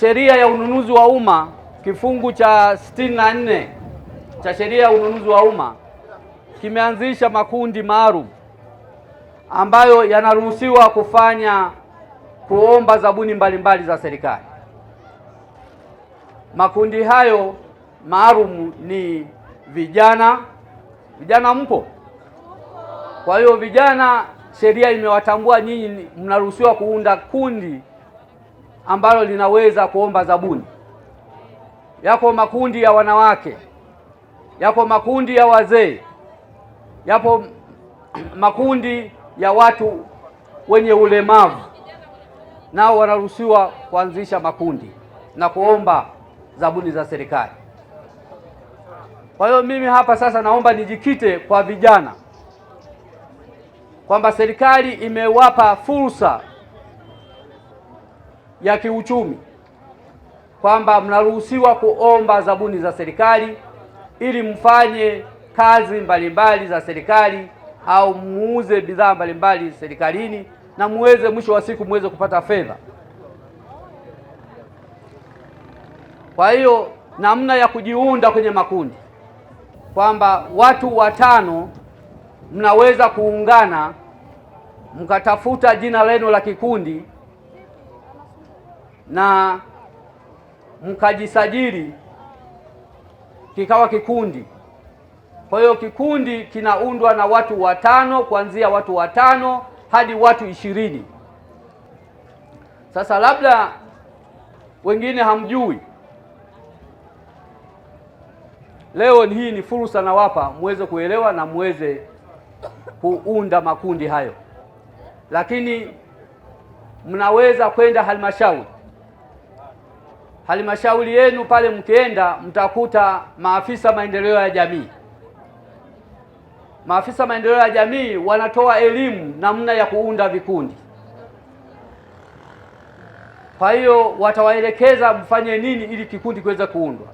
sheria ya ununuzi wa umma kifungu cha sitini na nne cha sheria ya ununuzi wa umma kimeanzisha makundi maalum ambayo yanaruhusiwa kufanya kuomba zabuni mbalimbali za serikali. Makundi hayo maalum ni vijana. Vijana mpo? Kwa hiyo vijana, sheria imewatambua nyinyi, mnaruhusiwa kuunda kundi ambalo linaweza kuomba zabuni. Yako makundi ya wanawake, yako makundi ya wazee, yapo makundi ya watu wenye ulemavu, nao wanaruhusiwa kuanzisha makundi na kuomba zabuni za serikali. Kwa hiyo mimi hapa sasa naomba nijikite kwa vijana kwamba serikali imewapa fursa ya kiuchumi kwamba mnaruhusiwa kuomba zabuni za serikali ili mfanye kazi mbalimbali za serikali au muuze bidhaa mbalimbali serikalini na muweze mwisho wa siku muweze kupata fedha. Kwa hiyo namna ya kujiunda kwenye makundi kwamba watu watano mnaweza kuungana mkatafuta jina lenu la kikundi na mkajisajili kikawa kikundi. Kwa hiyo kikundi kinaundwa na watu watano, kuanzia watu watano hadi watu ishirini. Sasa labda wengine hamjui, leo hii ni fursa nawapa muweze kuelewa na muweze kuunda makundi hayo, lakini mnaweza kwenda halmashauri halmashauri yenu pale mkienda, mtakuta maafisa maendeleo ya jamii. Maafisa maendeleo ya jamii wanatoa elimu namna ya kuunda vikundi. Kwa hiyo watawaelekeza mfanye nini ili kikundi kiweze kuundwa.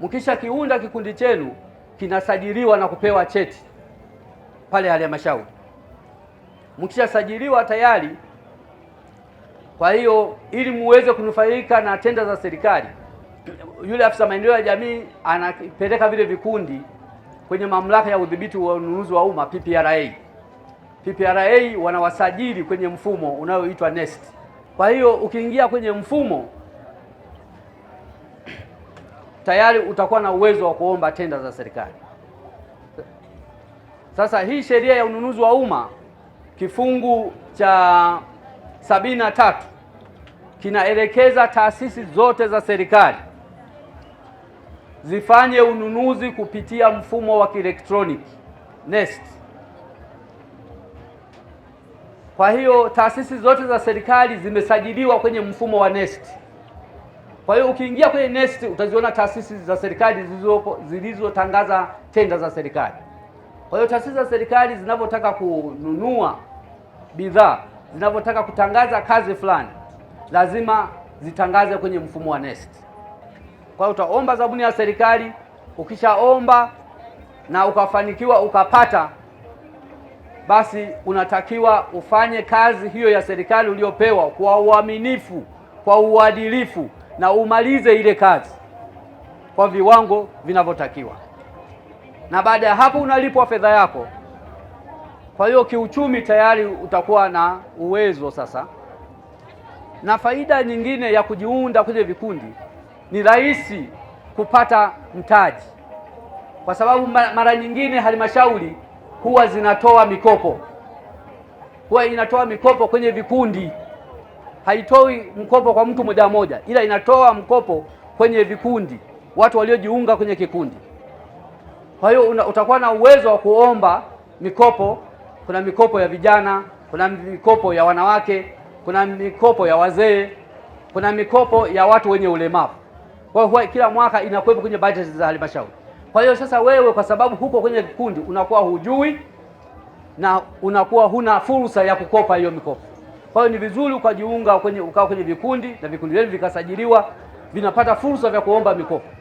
Mkisha kiunda kikundi chenu kinasajiliwa na kupewa cheti pale halmashauri. Mkishasajiliwa tayari kwa hiyo ili muweze kunufaika na tenda za serikali, yule afisa maendeleo ya jamii anapeleka vile vikundi kwenye mamlaka ya udhibiti wa ununuzi wa umma PPRA. PPRA wanawasajili kwenye mfumo unaoitwa NeST. Kwa hiyo ukiingia kwenye mfumo tayari utakuwa na uwezo wa kuomba tenda za serikali. Sasa hii sheria ya ununuzi wa umma kifungu cha sabini na tatu kinaelekeza taasisi zote za serikali zifanye ununuzi kupitia mfumo wa kielektroniki NeST. Kwa hiyo taasisi zote za serikali zimesajiliwa kwenye mfumo wa NeST. Kwa hiyo ukiingia kwenye NeST utaziona taasisi za serikali zilizotangaza tenda za serikali. Kwa hiyo taasisi za serikali zinavyotaka kununua bidhaa, zinavyotaka kutangaza kazi fulani lazima zitangaze kwenye mfumo wa NeST. Kwa hiyo utaomba zabuni ya serikali, ukishaomba na ukafanikiwa ukapata, basi unatakiwa ufanye kazi hiyo ya serikali uliyopewa kwa uaminifu, kwa uadilifu na umalize ile kazi kwa viwango vinavyotakiwa, na baada ya hapo unalipwa fedha yako. Kwa hiyo kiuchumi tayari utakuwa na uwezo sasa na faida nyingine ya kujiunda kwenye vikundi ni rahisi kupata mtaji, kwa sababu mara nyingine halmashauri huwa zinatoa mikopo, huwa inatoa mikopo kwenye vikundi. Haitoi mkopo kwa mtu moja moja, ila inatoa mkopo kwenye vikundi, watu waliojiunga kwenye kikundi. Kwa hiyo utakuwa na uwezo wa kuomba mikopo. Kuna mikopo ya vijana, kuna mikopo ya wanawake kuna mikopo ya wazee, kuna mikopo ya watu wenye ulemavu. Kwa hiyo kila mwaka inakuwepo kwenye bajeti za halmashauri. Kwa hiyo sasa, wewe kwa sababu huko kwenye kikundi unakuwa hujui na unakuwa huna fursa ya kukopa hiyo mikopo. Kwa hiyo ni vizuri ukajiunga kwenye ukawa kwenye vikundi na vikundi vyenu vikasajiliwa, vinapata fursa vya kuomba mikopo.